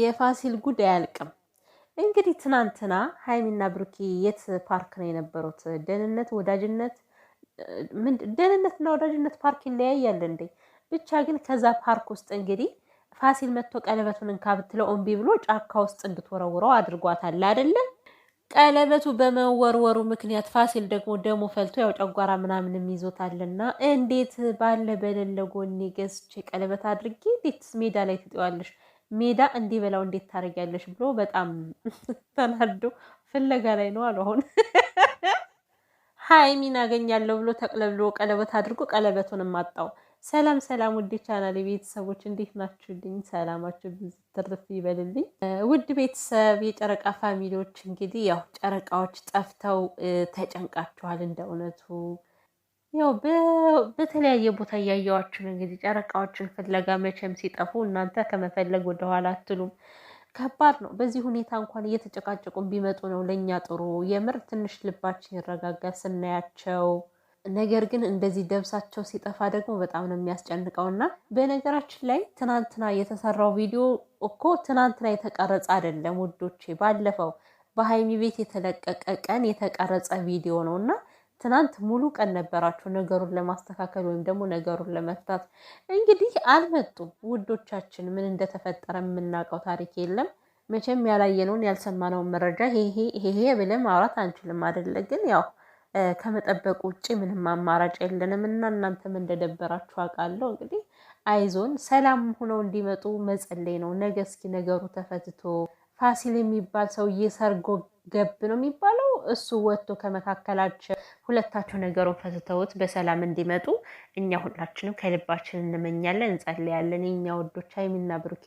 የፋሲል ጉድ አያልቅም። እንግዲህ ትናንትና ሀይሚና ብሩኬ የት ፓርክ ነው የነበሩት? ደህንነት ወዳጅነት ደህንነትና ወዳጅነት ፓርክ ይለያያል እንዴ? ብቻ ግን ከዛ ፓርክ ውስጥ እንግዲህ ፋሲል መጥቶ ቀለበቱን እንካ ብትለው እምቢ ብሎ ጫካ ውስጥ እንድትወረውረው አድርጓታል አይደለም? ቀለበቱ በመወርወሩ ምክንያት ፋሲል ደግሞ ደሞ ፈልቶ ያው ጨጓራ ምናምንም ይዞታልና እንዴት ባለ በሌለ ጎኔ ገዝቼ ቀለበት አድርጌ እንዴት ሜዳ ላይ ትጠዋለሽ? ሜዳ እንዲህ በላው እንዴት ታደርጊያለሽ ብሎ በጣም ተናዶ ፍለጋ ላይ ነው አሉ። አሁን ሀይሚን አገኛለሁ ብሎ ተቅለብሎ ቀለበት አድርጎ ቀለበቱን ማጣው። ሰላም ሰላም፣ ውድ ቻናል ቤተሰቦች እንዴት ናችሁልኝ? ሰላማችሁ ትርፍ ይበልልኝ። ውድ ቤተሰብ የጨረቃ ፋሚሊዎች እንግዲህ ያው ጨረቃዎች ጠፍተው ተጨንቃችኋል እንደ እውነቱ ያው በተለያየ ቦታ እያየዋችሁ ነው እንግዲህ ጨረቃዎችን ፍለጋ መቼም ሲጠፉ እናንተ ከመፈለግ ወደኋላ አትሉም። ከባድ ነው። በዚህ ሁኔታ እንኳን እየተጨቃጨቁን ቢመጡ ነው ለእኛ ጥሩ። የምር ትንሽ ልባችን ይረጋጋል ስናያቸው። ነገር ግን እንደዚህ ደብሳቸው ሲጠፋ ደግሞ በጣም ነው የሚያስጨንቀው። እና በነገራችን ላይ ትናንትና የተሰራው ቪዲዮ እኮ ትናንትና የተቀረጸ አይደለም ውዶቼ፣ ባለፈው በሀይሚ ቤት የተለቀቀ ቀን የተቀረጸ ቪዲዮ ነው እና ትናንት ሙሉ ቀን ነበራቸው ነገሩን ለማስተካከል ወይም ደግሞ ነገሩን ለመፍታት። እንግዲህ አልመጡም ውዶቻችን። ምን እንደተፈጠረ የምናውቀው ታሪክ የለም። መቼም ያላየነውን ያልሰማነውን መረጃ ይሄ ብለን ማውራት አንችልም አይደለ? ግን ያው ከመጠበቅ ውጭ ምንም አማራጭ የለንም እና እናንተም እንደደበራችሁ አውቃለሁ። እንግዲህ አይዞን፣ ሰላም ሆነው እንዲመጡ መጸለይ ነው። ነገ እስኪ ነገሩ ተፈትቶ ፋሲል የሚባል ሰውዬ ሰርጎ ገብ ነው የሚባለው እሱ ወጥቶ ከመካከላቸው ሁለታቸው ነገሩን ፈትተውት በሰላም እንዲመጡ እኛ ሁላችንም ከልባችን እንመኛለን፣ እንጸልያለን። የኛ ወዶች ሀይሚና ብሩኬ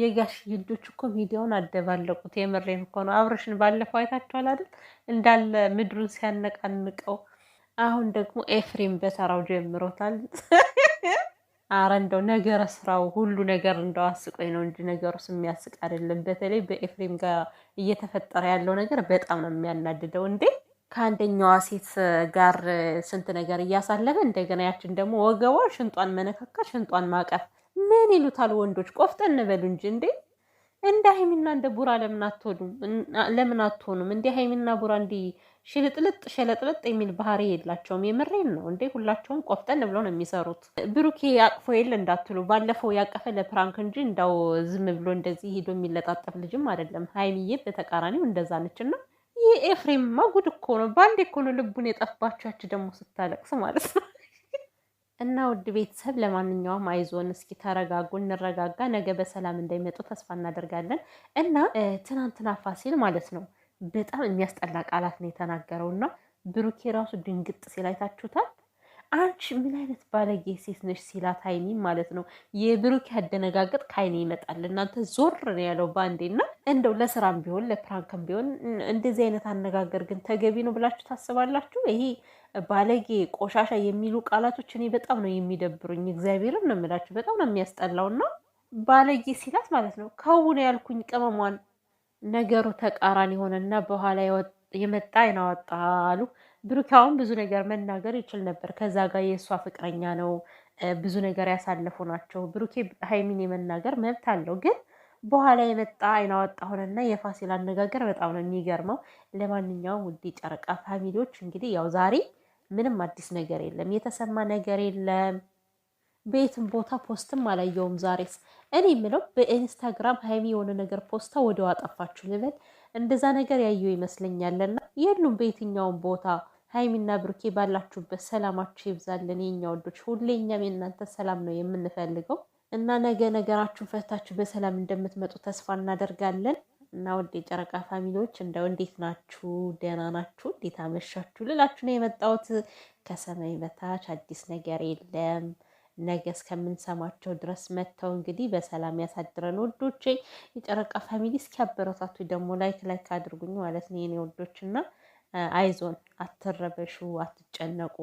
የጋሽ ልጆች እኮ ሚዲያውን አደባለቁት። የምሬን እኮ ነው። አብረሽን ባለፈው አይታችኋል አይደል? እንዳለ ምድሩን ሲያነቃንቀው፣ አሁን ደግሞ ኤፍሬም በሰራው ጀምሮታል። አረ እንደው ነገረ ስራው ሁሉ ነገር እንደው አስቆኝ ነው እንጂ ነገሩስ የሚያስቅ አይደለም። በተለይ በኤፍሬም ጋር እየተፈጠረ ያለው ነገር በጣም ነው የሚያናድደው እንዴ ከአንደኛዋ ሴት ጋር ስንት ነገር እያሳለፈ እንደገና ያችን ደግሞ ወገቧ ሽንጧን መነካካት፣ ሽንጧን ማቀፍ ምን ይሉታል ወንዶች? ቆፍጠን በሉ እንጂ እንዴ! እንደ ሀይሚና እንደ ቡራ ለምን አትሆኑም? ለምን አትሆኑም? ሀይሚና ቡራ እንዲህ ሽልጥልጥ ሸለጥልጥ የሚል ባህሪ የላቸውም። የምሬን ነው እንዴ! ሁላቸውም ቆፍጠን ብለው ነው የሚሰሩት። ብሩኬ አቅፎ የለ እንዳትሉ፣ ባለፈው ያቀፈ ለፕራንክ እንጂ እንዳው ዝም ብሎ እንደዚህ ሄዶ የሚለጣጠፍ ልጅም አይደለም። ሀይሚዬ በተቃራኒው እንደዛ ነችና ይህ ኤፍሬም ማጉድ እኮ ነው። በአንዴ እኮ ነው ልቡን የጠፋችኋችሁ ደግሞ ስታለቅስ ማለት ነው። እና ውድ ቤተሰብ ለማንኛውም አይዞን፣ እስኪ ተረጋጉ፣ እንረጋጋ። ነገ በሰላም እንደሚመጡ ተስፋ እናደርጋለን። እና ትናንትና ፋሲል ማለት ነው በጣም የሚያስጠላ ቃላት ነው የተናገረውና ብሩኬ ራሱ ድንግጥ ሲል አይታችሁታል። አንቺ ምን አይነት ባለጌ ሴት ነሽ ሲላት አይኒ ማለት ነው። የብሩክ ያደነጋገጥ ከአይኔ ይመጣል። እናንተ ዞር ነው ያለው ባንዴና። እንደው ለስራም ቢሆን ለፕራንክም ቢሆን እንደዚህ አይነት አነጋገር ግን ተገቢ ነው ብላችሁ ታስባላችሁ? ይሄ ባለጌ፣ ቆሻሻ የሚሉ ቃላቶች እኔ በጣም ነው የሚደብሩኝ። እግዚአብሔርን ነው የምላችሁ፣ በጣም ነው የሚያስጠላውና ባለጌ ሲላት ማለት ነው ከውነ ያልኩኝ ቅመሟን ነገሩ ተቃራኒ ሆነና በኋላ የመጣ አይናወጣ አሉ። ብሩኬ አሁን ብዙ ነገር መናገር ይችል ነበር። ከዛ ጋር የእሷ ፍቅረኛ ነው፣ ብዙ ነገር ያሳለፉ ናቸው። ብሩኬ ሀይሚን የመናገር መብት አለው። ግን በኋላ የመጣ አይን አወጣ ሆነና የፋሲል አነጋገር በጣም ነው የሚገርመው። ለማንኛውም ውድ ጨረቃ ፋሚሊዎች እንግዲህ ያው ዛሬ ምንም አዲስ ነገር የለም፣ የተሰማ ነገር የለም። በየትም ቦታ ፖስትም አላየውም። ዛሬስ እኔ የምለው በኢንስታግራም ሀይሚ የሆነ ነገር ፖስታ ወደዋ ጠፋችሁ ልበል እንደዛ ነገር ያየው ይመስለኛልና የሉም። በየትኛውም ቦታ ሀይሚና ብሩኬ ባላችሁበት ሰላማችሁ ይብዛልን። የኛ ወዶች ሁሌኛም የእናንተ ሰላም ነው የምንፈልገው እና ነገ ነገራችሁን ፈታችሁ በሰላም እንደምትመጡ ተስፋ እናደርጋለን። እና ወደ የጨረቃ ፋሚሊዎች እንደው እንዴት ናችሁ? ደህና ናችሁ? እንዴት አመሻችሁ ልላችሁ ነው የመጣሁት። ከሰማይ በታች አዲስ ነገር የለም። ነገ እስከምንሰማቸው ድረስ መጥተው እንግዲህ በሰላም ያሳድረን ወዶቼ። የጨረቃ ፋሚሊ እስኪ አበረታቱ ደግሞ ላይክ ላይክ አድርጉኝ ማለት ነው የኔ ወዶች እና አይዞን፣ አትረበሹ፣ አትጨነቁ